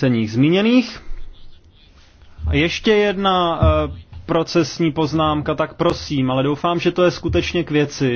ceních zmíněných. A ještě jedna eh, procesní poznámka, tak prosím, ale doufám, že to je skutečně k věci.